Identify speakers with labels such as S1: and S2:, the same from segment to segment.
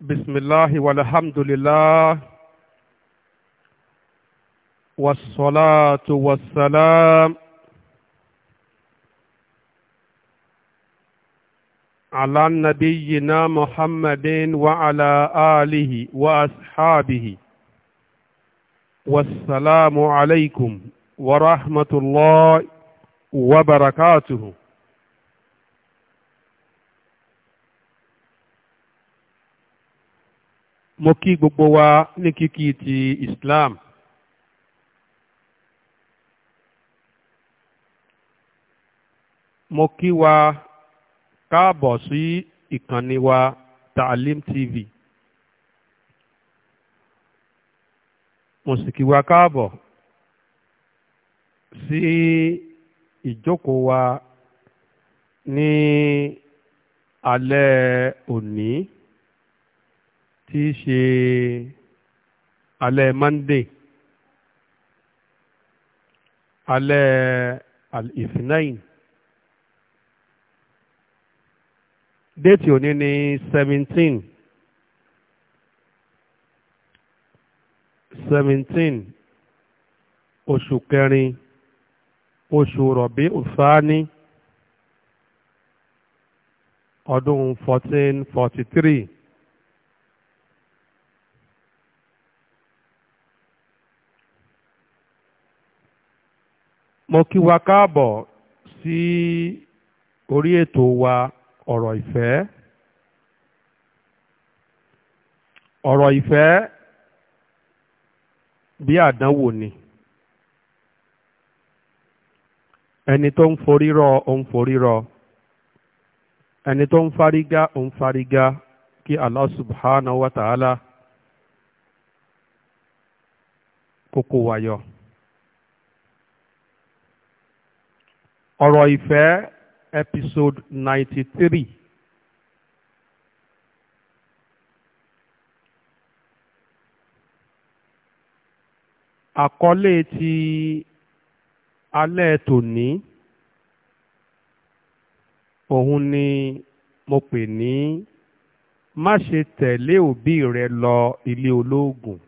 S1: بسم الله والحمد لله والصلاة والسلام على نبينا محمد وعلى آله وأصحابه والسلام عليكم ورحمة الله وبركاته mo kí gbogbo wa ní kíkí ti Islam mo kí wa káàbọ̀ sí ìkànnì wa Taalim TV mo sì kí wa káàbọ̀ sí ìjókòó wa ní alẹ́ òní tí í ṣe alẹ́ Monday alẹ́ al-ifnain déètì òní ní seventeen seventeen oṣù kẹrin oṣù rọ̀bí ọ̀sáání ọdún fourteen mo kí wa káàbọ̀ sí orí ètò wa ọ̀rọ̀ ìfẹ́ ọ̀rọ̀ ìfẹ́ bí àdánwò ni ẹni tó ń forírọ ó ń forírọ ẹni tó ń farigá ó ń farigá kí Allah subhanahu wa ta'ala kókó wayọ. ọ̀rọ̀ ìfẹ́ episode ninety three. àkọlé ti alẹ́ tòní òun ni mo pè ní má ṣe tẹ̀lé òbí rẹ lọ ilé olóògùn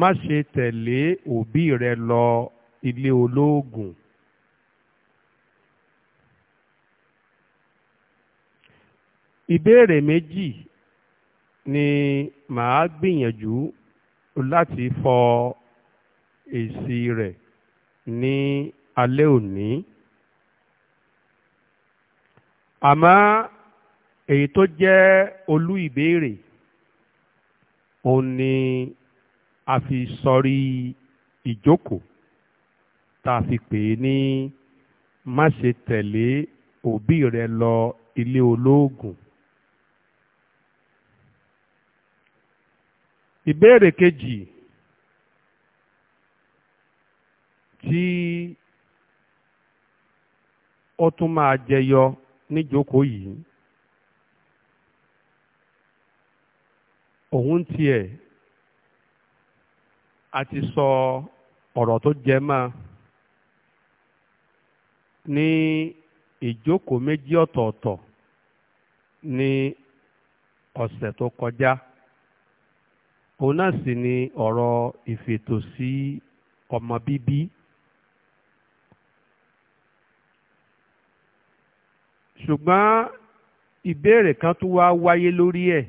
S1: má ṣe tẹ̀lé òbí rẹ lọ ilé olóògùn. ìbéèrè méjì ni màá gbìyànjú láti fọ èsì rẹ̀ ní alẹ́ òní àmọ́ èyí tó jẹ́ olú ìbéèrè òun ni a fi sọrí ìjókòó tá a fi pè é ní má ṣe tẹ̀lé òbí rẹ lọ ilé olóògùn. ìbéèrè kejì tí ó tún máa jẹyọ níjókòó yìí òun tiẹ̀ àti sọ ọ̀rọ̀ tó jẹ mọ́ ní ìjókòó méjì ọ̀tọ̀ọ̀tọ̀ ní ọ̀sẹ̀ tó kọjá òun náà sì ni ọ̀rọ̀ ìfètò sí ọmọ bíbí ṣùgbọ́n ìbéèrè kan tó wá wáyé lórí ẹ̀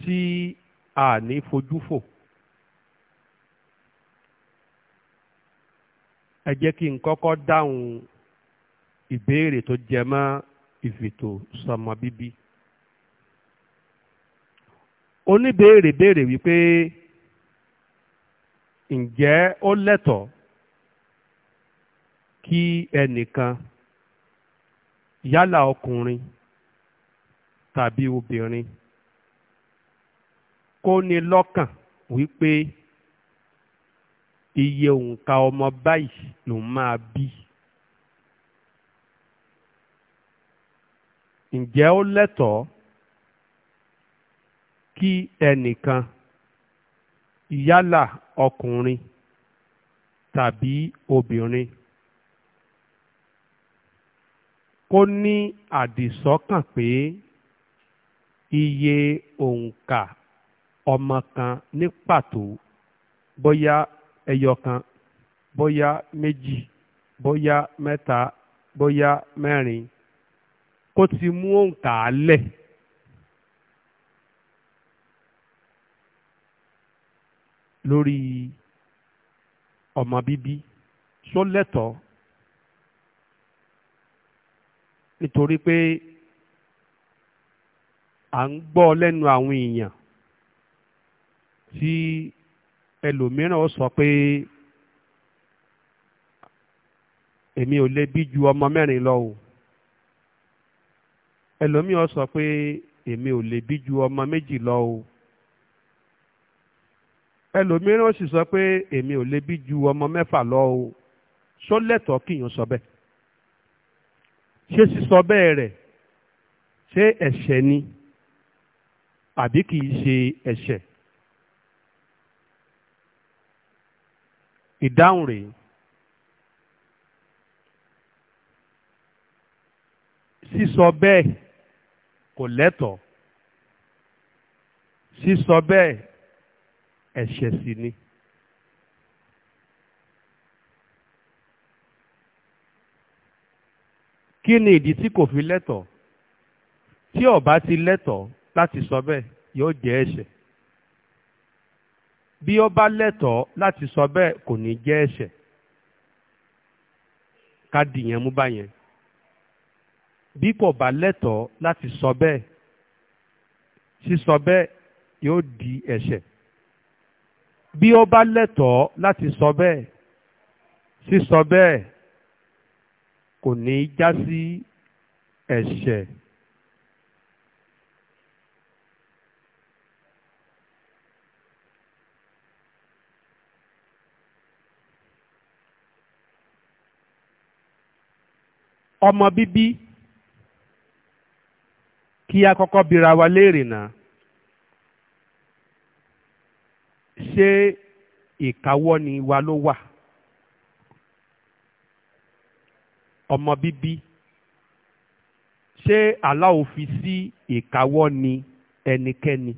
S1: tí a ní fojú fò. ẹ jẹ́ kí n kọ́kọ́ dáhùn ìbéèrè tó jẹ mọ́ ìfètò sọmọ bíbí. oníbéèrè béèrè wípé ǹjẹ́ ó lẹ́tọ̀ọ́ kí ẹnìkan yálà ọkùnrin tàbí obìnrin kó ní lọ́kàn wípé iye òǹkà ọmọ báyìí lòun máa bí. ǹjẹ́ ó lẹ́tọ̀ọ́ kí ẹnìkan yálà ọkùnrin tàbí obìnrin kó ní àdìsọ́kàn pé iye òǹkà ọmọ kan ní pàtó bóyá ẹyọkan bóyá méjì bóyá mẹ́ta bóyá mẹ́rin kó ti mú òǹkà lẹ̀. lórí ọmọ bíbí só lẹ́tọ̀ọ́ nítorí pé à ń gbọ́ lẹ́nu àwọn èèyàn tí ẹlòmíràn ó sọ pé èmi ò lè bí ju ọmọ mẹ́rin lọ o ẹlòmíràn ó sọ pé èmi ò lè bí ju ọmọ méjì lọ o ẹlòmíràn ó sì sọ pé èmi ò lè bí ju ọmọ mẹ́fà lọ o sọ lẹ́tọ̀ọ́ kíyàn sọ bẹ́ẹ̀ ṣé sísọ bẹ́ẹ̀ rẹ̀ ṣé ẹ̀ṣẹ̀ ni àbí kìí ṣe ẹ̀ṣẹ̀ ìdáhùn rèé sísọ bẹ́ẹ̀ kò lẹ́tọ̀ọ́ sísọ bẹ́ẹ̀ ẹ̀ṣẹ̀ sì ni. kí ni ìdí tí kò fi lẹ́tọ̀ọ́ tí ó bá ti lẹ́tọ̀ọ́ láti sọ bẹ́ẹ̀ yóò jẹ́ ẹ̀ṣẹ̀ bí ó bá lẹ́tọ̀ọ́ láti sọ bẹ́ẹ̀ kò ní jẹ́ ẹ̀ṣẹ̀ ká dìyẹn mú báyẹn bí kò bá lẹ́tọ̀ọ́ láti sọ bẹ́ẹ̀ sísọ bẹ́ẹ̀ yóò di ẹ̀ṣẹ̀ bí ó bá lẹ́tọ̀ọ́ láti sọ bẹ́ẹ̀ sísọ bẹ́ẹ̀ kò ní já sí ẹ̀ṣẹ̀. ọmọ bíbí kí a kọ́kọ́ bira wa léèrè náà ṣé ìkáwọ́ ni wa ló wà ọmọ bíbí ṣé Allah ò fi sí ìkáwọ́ ni ẹnikẹ́ni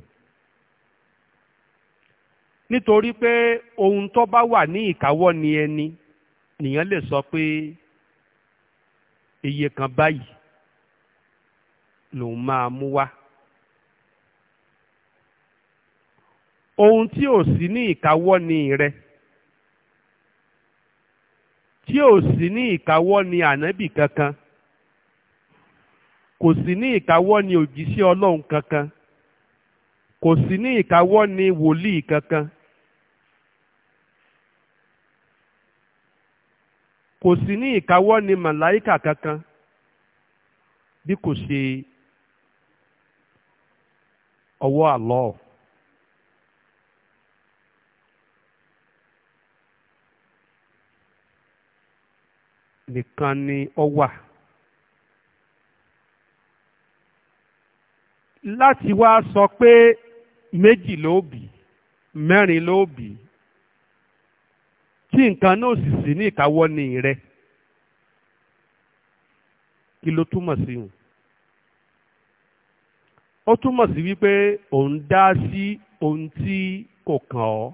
S1: nítorí pé ohun tó bá wà ní ìkáwọ́ ni ẹni nìyẹn lè sọ pé. iye kan báyìí lòun máa mú wá. ohun tí ò sí ní ìkáwọ́ ni rẹ tí ò sí ní ìkáwọ́ ni ànábì kankan kò sí ní ìkáwọ́ ni òjíṣẹ́ ọlọ́run kankan kò sí ní ìkáwọ́ ni wòlíì kankan kò sí ní ìkáwọ́ ni màláìkà kankan bí kò ṣe ọwọ́ àlọ́ nìkan ni ọ wà láti wá sọ pé méjì ló bì mẹ́rin ló bì tí nǹkan náà sì sí ní ìkáwọ́ ní rẹ kí ló túmọ̀ sí wọn ó túmọ̀ sí wípé òun dá sí ohun tí kò kàn ọ́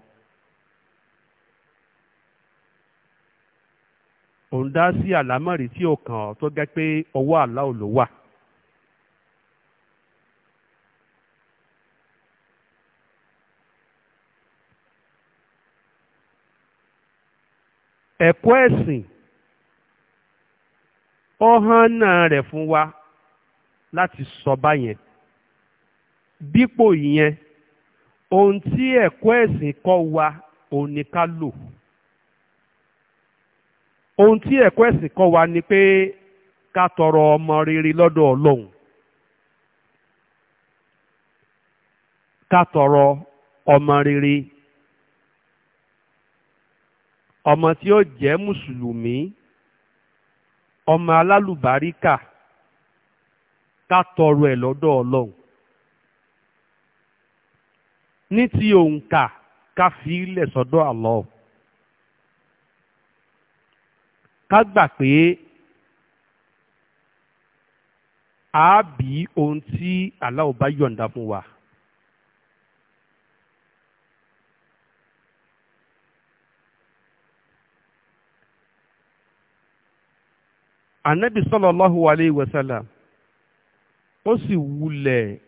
S1: òun dá sí àlámọ̀rí tí ò kàn ọ́ tó gẹ́ pé ọwọ́ àlá ò ló wà. ẹ̀kọ́ ẹ̀sìn ọ̀hán náà rẹ̀ fún wa láti sọ báyẹn dípò ìyẹn ohun tí ẹ̀kọ́ ẹ̀sìn kọ́ wa òun ni ká lò ohun tí ẹ̀kọ́ ẹ̀sìn kọ́ wa ni pé ká tọrọ ọmọ rere lọ́dọ̀ ọlọ́run ká tọrọ ọmọ rere ọmọ tí ó jẹ́ mùsùlùmí ọmọ alálùbáríkà ká tọrọ ẹ̀ lọ́dọ̀ ọlọ́run ní ti òǹkà ká fi ilẹ̀ sọ́dọ̀ Allah ká gbà pé àábí ohun tí Allah bá yọ̀ǹda fún wa. anabi sallallahu alayhi wa sallam ó sì wulẹ̀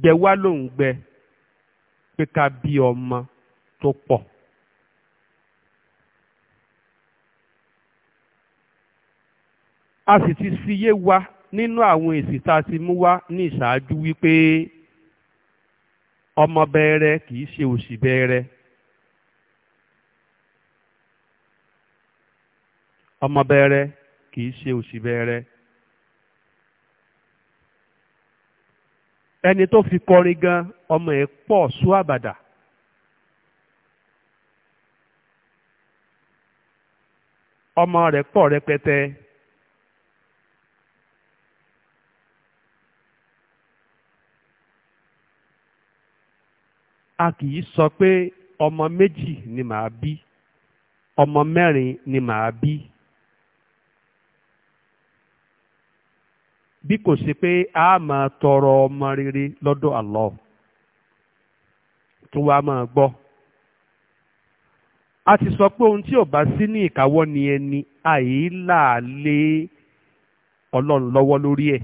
S1: gbẹ wá lóhùn gbẹ pé ká bí ọmọ tó pọ̀. a sì ti fi yé wa nínú àwọn èsì tá a ti mú wá ní ìṣáájú wípé ọmọ bẹ̀rẹ̀ kì í ṣe òṣì bẹ̀rẹ̀. ọmọ bẹ̀rẹ̀ kì í ṣe òṣì ẹni tó fi kọrin gan ọmọ ẹ̀ pọ̀ sú àbàdà ọmọ rẹ̀ pọ̀ rẹpẹtẹ. a kì í sọ pé ọmọ méjì ni màá bí ọmọ mẹ́rin ni màá bí. bí kò sí pé a máa tọrọ ọmọ rere lọ́dọ̀ Allah tó wá máa gbọ́ a ti sọ pé ohun tí ò bá sí ní ìkáwọ́ ni ẹni àìlà lé ọlọ́run lọ́wọ́ lórí ẹ̀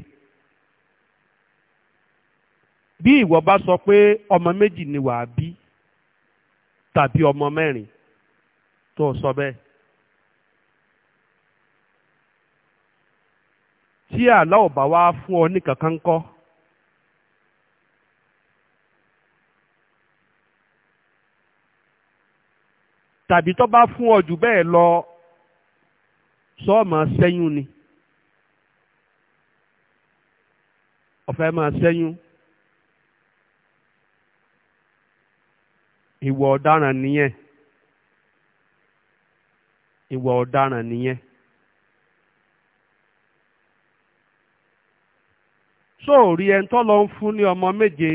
S1: bí ìwọ bá sọ pé ọmọ méjì ni wàá bí tàbí ọmọ mẹ́rin tó sọ bẹ́ẹ̀ tí ala ọba wa fún ọ ní kankan tàbí tó bá fún ọ jù bẹ́ẹ̀ lọ ma sẹ́yún ni ọ̀fẹ́ ma sẹ́yún ìwà ọ̀daràn nìyẹn ìwà ọ̀daràn nìyẹn. sóòrí ẹni tó lọ ń fún ní ọmọ méje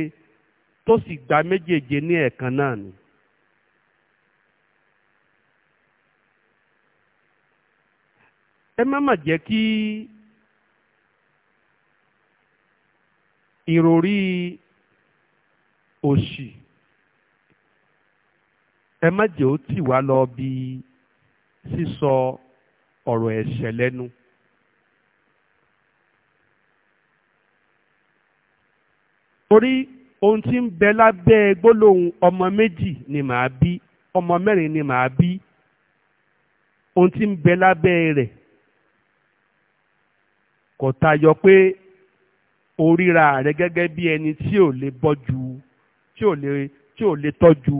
S1: tó sì gba méjèèje ní ẹ̀kan náà ni. ẹ má mà jẹ́ kí ìròrí òṣì ẹ má jẹ́ ó tì wá lọ bí sísọ ọ̀rọ̀ ẹ̀ṣẹ̀ lẹ́nu. torí ohun tí ń bẹ lábẹ́ gbólóhùn ọmọ méjì ni màá bí ọmọ mẹ́rin ni màá bí ohun tí ń bẹ lábẹ́ rẹ̀ kò tayọ pé oríra rẹ̀ gẹ́gẹ́ bí ẹni tí ò lè bọ́jú tí ò lè tí ò lè tọ́jú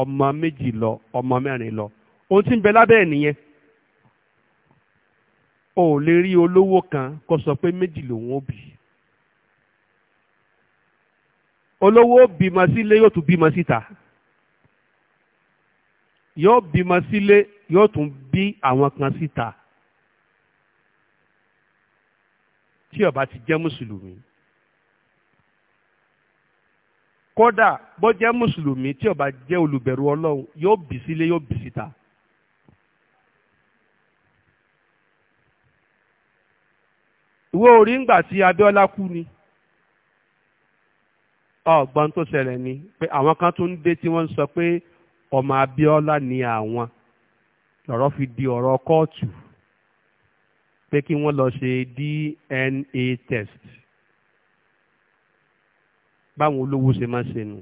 S1: ọmọ méjì lọ ọmọ mẹ́rin lọ ohun tí ń bẹ lábẹ́ nìyẹn o ò lè rí olówó kan kó sọ pé méjì lòun ó bí. olówó bímọ sílé yóò tún bímọ síta yóò bímọ sílé yóò tún bí àwọn kan síta tí ó bá ti jẹ́ mùsùlùmí kódà bó jẹ́ mùsùlùmí tí ó bá jẹ́ olùbẹ̀rù ọlọ́run yóò bí sílé yóò bí síta. ìwé orí ń gbà tí Abíọ́lá kú ni ọgbọ́n tó ṣẹlẹ̀ ni pé àwọn kan tún dé tí wọ́n ń sọ pé ọmọ Abíọ́lá ni àwọn lọ́rọ̀ fi di ọ̀rọ̀ kóòtù pé kí wọ́n lọ ṣe DNA test báwọn olówó ṣe máa ṣe nù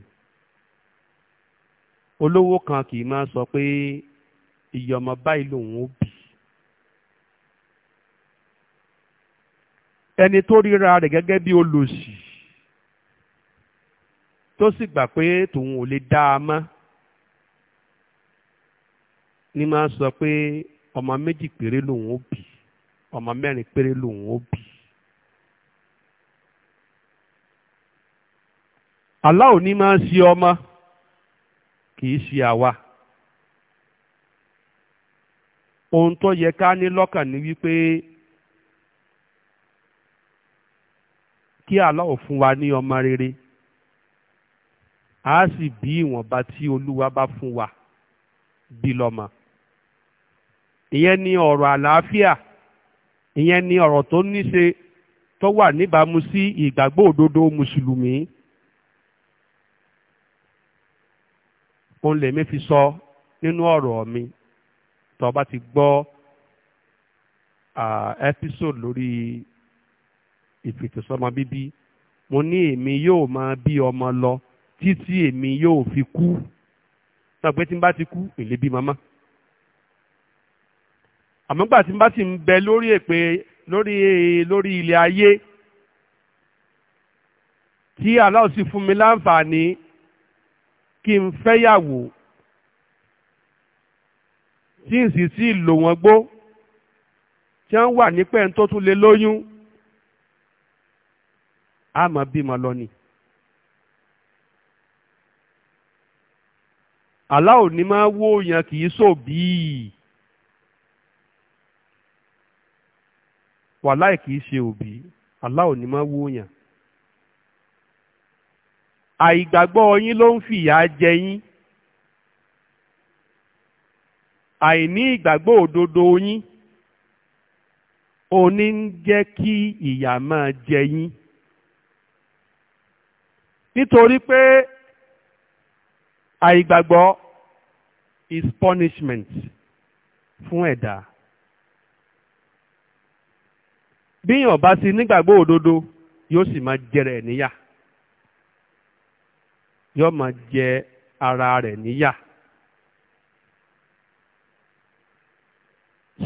S1: olówó kan kì í máa sọ pé iye ọmọ báyìí lòun ó bí ẹni tó ríra rẹ̀ gẹ́gẹ́ bí olòṣì. tó sì gbà pé tòun ò lè dá a mọ́ ní máa sọ pé ọmọ méjì péré lòun ó bí ọmọ mẹ́rin péré lòun ó bí. Allah ni máa ń ṣe ọmọ kì í ṣe àwa ohun tó yẹ ká ní lọ́kàn ni wípé kí Allah fún wa ní ọmọ rere a sì bí ìwọ̀nba tí olúwa bá fún wa bí lọ́mọ ìyẹn ni ọ̀rọ̀ àlàáfíà ìyẹn ni ọ̀rọ̀ tó níṣe tó wà níbàámu sí ìgbàgbọ́ òdodo mùsùlùmí òun lèmi fi sọ nínú ọ̀rọ̀ mi tó bá ti gbọ́ ẹ́písòdù lórí ìfètòsọ́mọ bíbí mo ní èmi yóò máa bí ọmọ lọ títí èmi yóò fi kú náà pé tí n bá ti kú èlé bí màmá àmọ́ gbà tí n bá ti ń bẹ lórí èpè lórí lórí ilẹ̀ ayé tí Allah sì fún mi láǹfààní kí n fẹ́yàwó tí n sì sí lò wọ́n gbó tí wọ́n wà ní pẹ́ẹ́n tó tún lè lóyún àmọ́ bímọ lọ aláwo ni máa wó yan kì í sòbí wàláì kì í ṣe òbí aláwo ni máa wó yan àìgbàgbọ́ yín ló ń fìyà jẹ yín àìní ìgbàgbọ́ òdodo yín òní ń jẹ́ kí ìyà máa jẹ yín nítorí pé àìgbàgbọ́ is punishment fún ẹ̀dá bíyàn bá sí nígbàgbọ́ òdodo yóò sì máa jẹrẹ níyà yóò máa jẹ ara rẹ níyà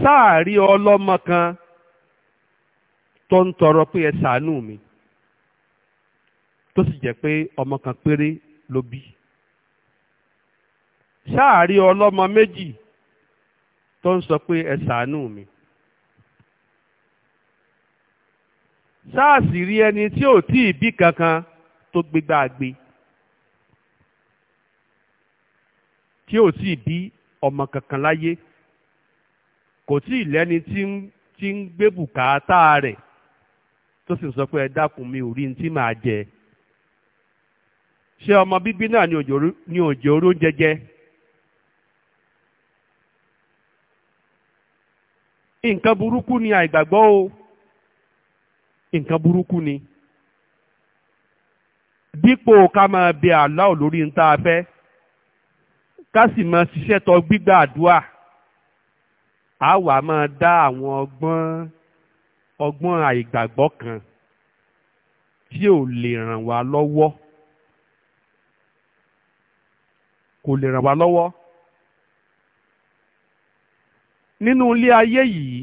S1: sáàrí ọlọ́mọ kan tó ń tọrọ pé ẹ ṣàánú mi tó sì jẹ́ pé ọmọ kan péré ló bí. ṣáàrí ọlọ́mọ méjì tó ń sọ pé ẹ ṣàánú mi sáàsì rí ẹni tí ò tí ì bí kankan tó gbégbáàgbé tí ò tí ì bí ọmọ kankan láyé kò tí ì lẹ́ni tí ń gbé bùkátà rẹ̀ tó sì sọ pé ẹ dákun mi ò rí ní tí màá jẹ ṣé ọmọ bíbí náà ni òjò oróúnjẹ jẹ. nǹkan burúkú ni àìgbàgbọ́ o nǹkan burúkú ni dípò ká máa bẹ Allah lórí ń tá a fẹ́ ká sì máa ṣiṣẹ́ tó gbígbà àdúrà á wà máa dá àwọn ọgbọ́n ọgbọ́n àìgbàgbọ́ kan tí ò lè ràn wá lọ́wọ́ kò lè ràn wá lọ́wọ́. nínú ilé ayé yìí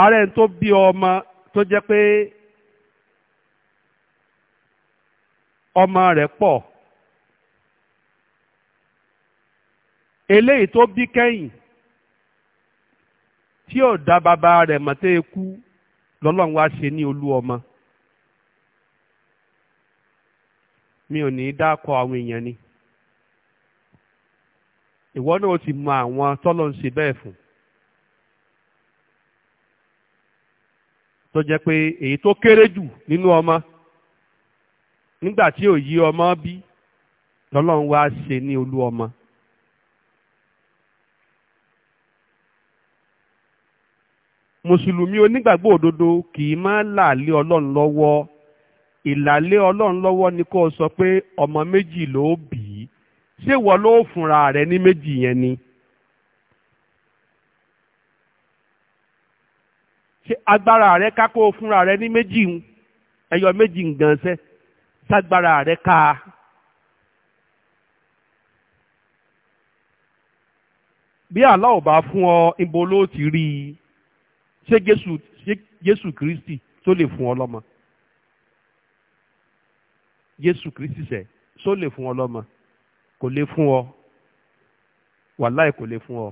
S1: ààrẹ tó bí ọmọ tó jẹ́ pé ọmọ rẹ̀ pọ̀ eléyìí tó bí kẹ́yìn tí ò dá bàbá rẹ̀ mọ̀ tẹ́ ikú lọ́lọ́run wá ṣe ní olú ọmọ mi ò ní dákọ̀ àwọn èèyàn ni. ìwọ náà ó ti mọ àwọn tọ́lọ̀ ń ṣe bẹ́ẹ̀ fún tó jẹ́ pé èyí tó kéré jù nínú ọmọ nígbà tí ò yí ọmọ bí lọ́lọ́run wá ṣe ní olú ọmọ. mùsùlùmí onígbàgbọ́ òdodo kì í máa làálé ọlọ́run lọ́wọ́ ìlàlé ọlọ́run lọ́wọ́ ni kó o sọ pé ọmọ méjì ló bí ṣé wọ́n ló fúnra rẹ̀ ní méjì yẹn ni. ṣé agbára rẹ̀ ká kó fúnra rẹ̀ ní méjì ń ẹyọ méjì ń gan ṣẹ́ ságbára rẹ̀ ká a. bí Allah bá fún ọ ibo ló ti rí i ṣé Jésù Kristi tó lè fún ọ lọ́mọ Jésù Kristi ṣe tó lè fún ọ lọ́mọ kò lè fún ọ wàláì kò lè fún ọ.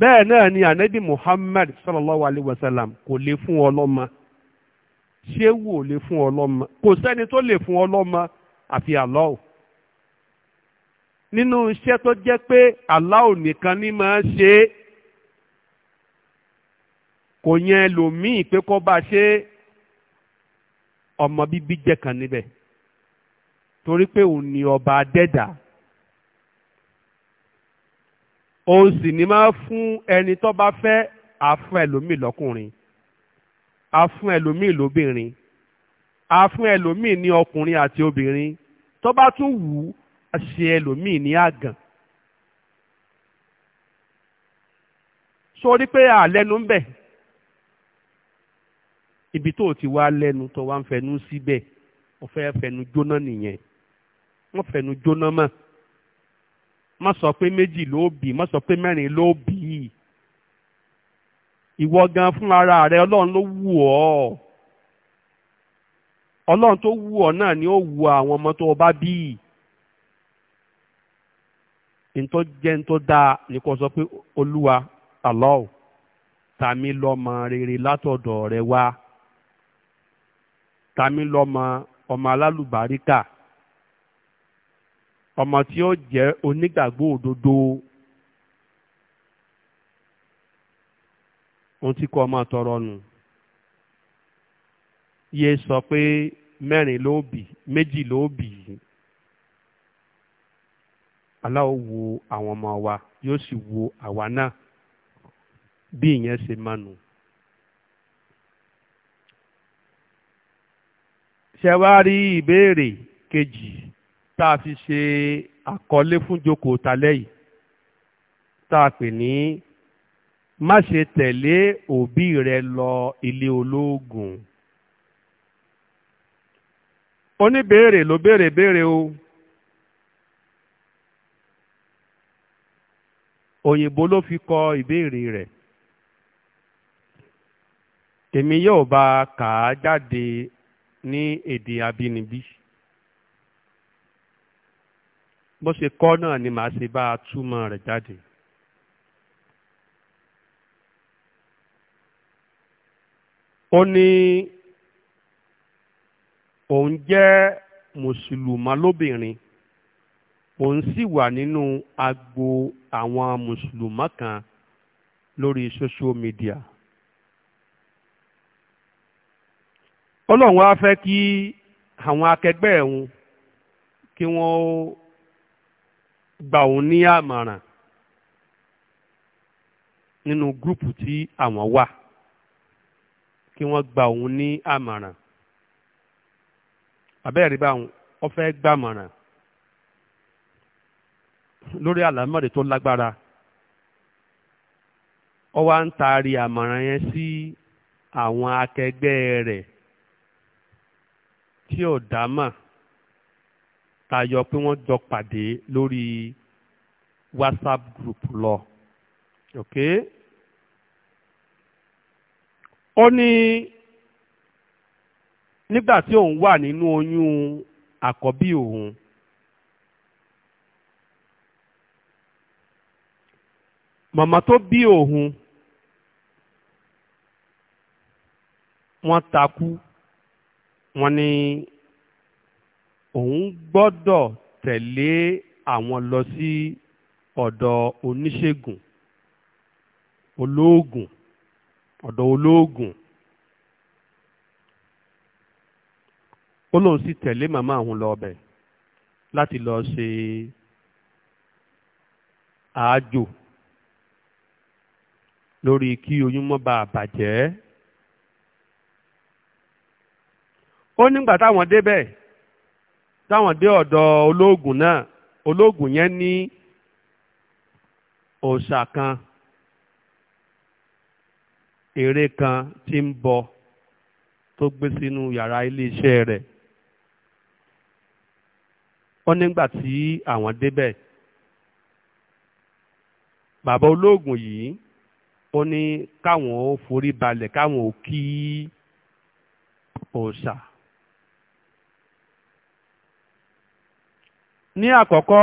S1: bẹ́ẹ̀ náà ni ànábì Muhammad sallallahu alayhi wa sallam kò lè fún ọ lọ́mọ ṣéwù ò lè fún ọ lọ́mọ kò sẹ́ni tó lè fún ọ lọ́mọ àfi àlọ́ọ̀ nínú iṣẹ́ tó jẹ́ pé aláò nìkan ní máa ṣe é kò yẹn lòmíì pé kọ́ bá ṣe é ọmọ bíbí jẹ́ kan níbẹ̀ torí pé òun ni ọba adẹ́dà òun sì ní máa fún ẹni tó bá fẹ́ àfún ẹlòmíì lọ́kùnrin àfún ẹlòmíì lóbìnrin àfún ẹlòmíì ní ọkùnrin àti obìnrin tó bá tún wù ú ṣe ẹlòmíì ní àgàn sórí pé àlẹ́nu ń bẹ̀ ibi tó o ti wá lẹ́nu tó wá ń fẹnu síbẹ̀ wọ́n fẹ́ fẹnu jóná nìyẹn wọ́n fẹnu jóná mọ́ má sọ pé méjì ló bì má sọ pé mẹ́rin ló bì í ìwọ gan fún ara rẹ ọlọ́run ló wù ọ́ ọlọ́run tó wù ọ́ náà ni ó wù àwọn ọmọ tó o bá bí i ntọ́ jẹ́ ntọ́ dáa ni kò sọ pé olúwa Allah tàmí lọ́mọ rere látọ̀dọ̀ rẹ wá. tami lọ́mọ ọmọ alálùbáríkà ọmọ tí ó jẹ́ onígbàgbọ́ òdodo ohun tí kò ọmọ tọrọ nù yé sọ pé mẹ́rin ló bì méjì ló bì Allah wo àwọn ọmọ wa yóò sì wo àwa náà bí ìyẹn ṣe máa nù. ṣẹwárí ìbéèrè kejì tá a fi ṣe àkọlé fún jókòó talẹ́ yìí tá a pè ní má ṣe tẹ̀lé òbí rẹ lọ ilé olóògùn oníbéèrè ló béèrè béèrè o òyìnbó ló fi kọ ìbéèrè rẹ̀ èmi yóò bá kà á jáde ní èdè abínibí bó ṣe kọ́ náà ni màá ṣe bá a túmọ̀ rẹ̀ jáde. ó ní òun jẹ́ mùsùlùmá lóbìnrin òun sì wà nínú agbo àwọn mùsùlùmá kan lórí social media. ọlọ́run á fẹ́ kí àwọn akẹgbẹ́ ẹ̀hún kí wọ́n gbà òun ní àmọ̀ràn nínú gúrùpù tí àwọn wà kí wọ́n gbà òun ní àmọ̀ràn àbẹ́ẹ̀rí báwọn ó fẹ́ gbàmọ̀ràn lórí àlámọ̀rẹ̀ tó lágbára ọ wá ń taari àmọ̀ràn yẹn sí àwọn akẹgbẹ́ rẹ̀ tí ò dá mà tayọ pé wọ́n jọ pàdé lórí WhatsApp group lọ. Okay? ó ní nígbà tí òun wà nínú oyún àkọ́bí òun màmá tó bí òun wọ́n takú wọ́n ní òun gbọ́dọ̀ tẹ̀lé àwọn lọ sí ọ̀dọ̀ oníṣègùn olóògùn ọ̀dọ̀ olóògùn ó lóun sì tẹ̀lé màmá òun lọ ọbẹ̀ láti lọ ṣe àájò lórí kí oyún mọ́ bá bàjẹ́. ó nígbà táwọn débẹ̀ táwọn dé ọ̀dọ̀ olóògùn náà olóògùn yẹn ní òòṣà kan ère kan tí ń bọ tó gbé sínú yàrá iléeṣẹ́ rẹ̀ ó nígbà tí àwọn débẹ̀ bàbá olóògùn yìí ó ní káwọn ó forí balẹ̀ káwọn ó kí òòṣà. ní àkọ́kọ́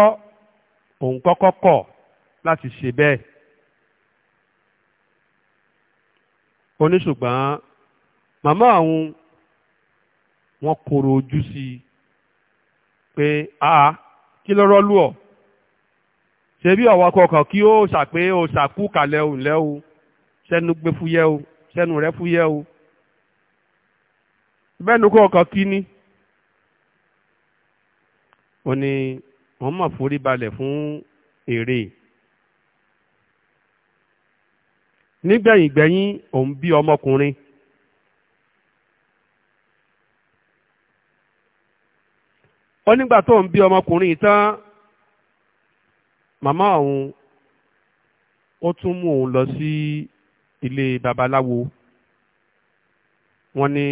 S1: òun kọ́kọ́ kọ̀ láti ṣe bẹ́ẹ̀ ó ní ṣùgbọ́n màmá àwọn wọn kòrò ojú sí i pé a kí lọ́rọ́ lù ọ́ ṣe bí ọ̀wọ́ kọkàn kí ó ṣàpé ó ṣàkú kalẹ̀ òun lẹ́ o sẹ́nu gbé fúyẹ́ o sẹ́nu rẹ́ fúyẹ́ o bẹ́ẹ̀ ni kọkàn kí ni ó ní wọ́n mọ̀ forí balẹ̀ fún èrè nígbẹ̀yìngbẹ̀yìn òun bí ọmọkùnrin ó nígbà tó ń bí ọmọkùnrin tán màmá òun ó tún mú òun lọ sí ilé babaláwo wọ́n ní.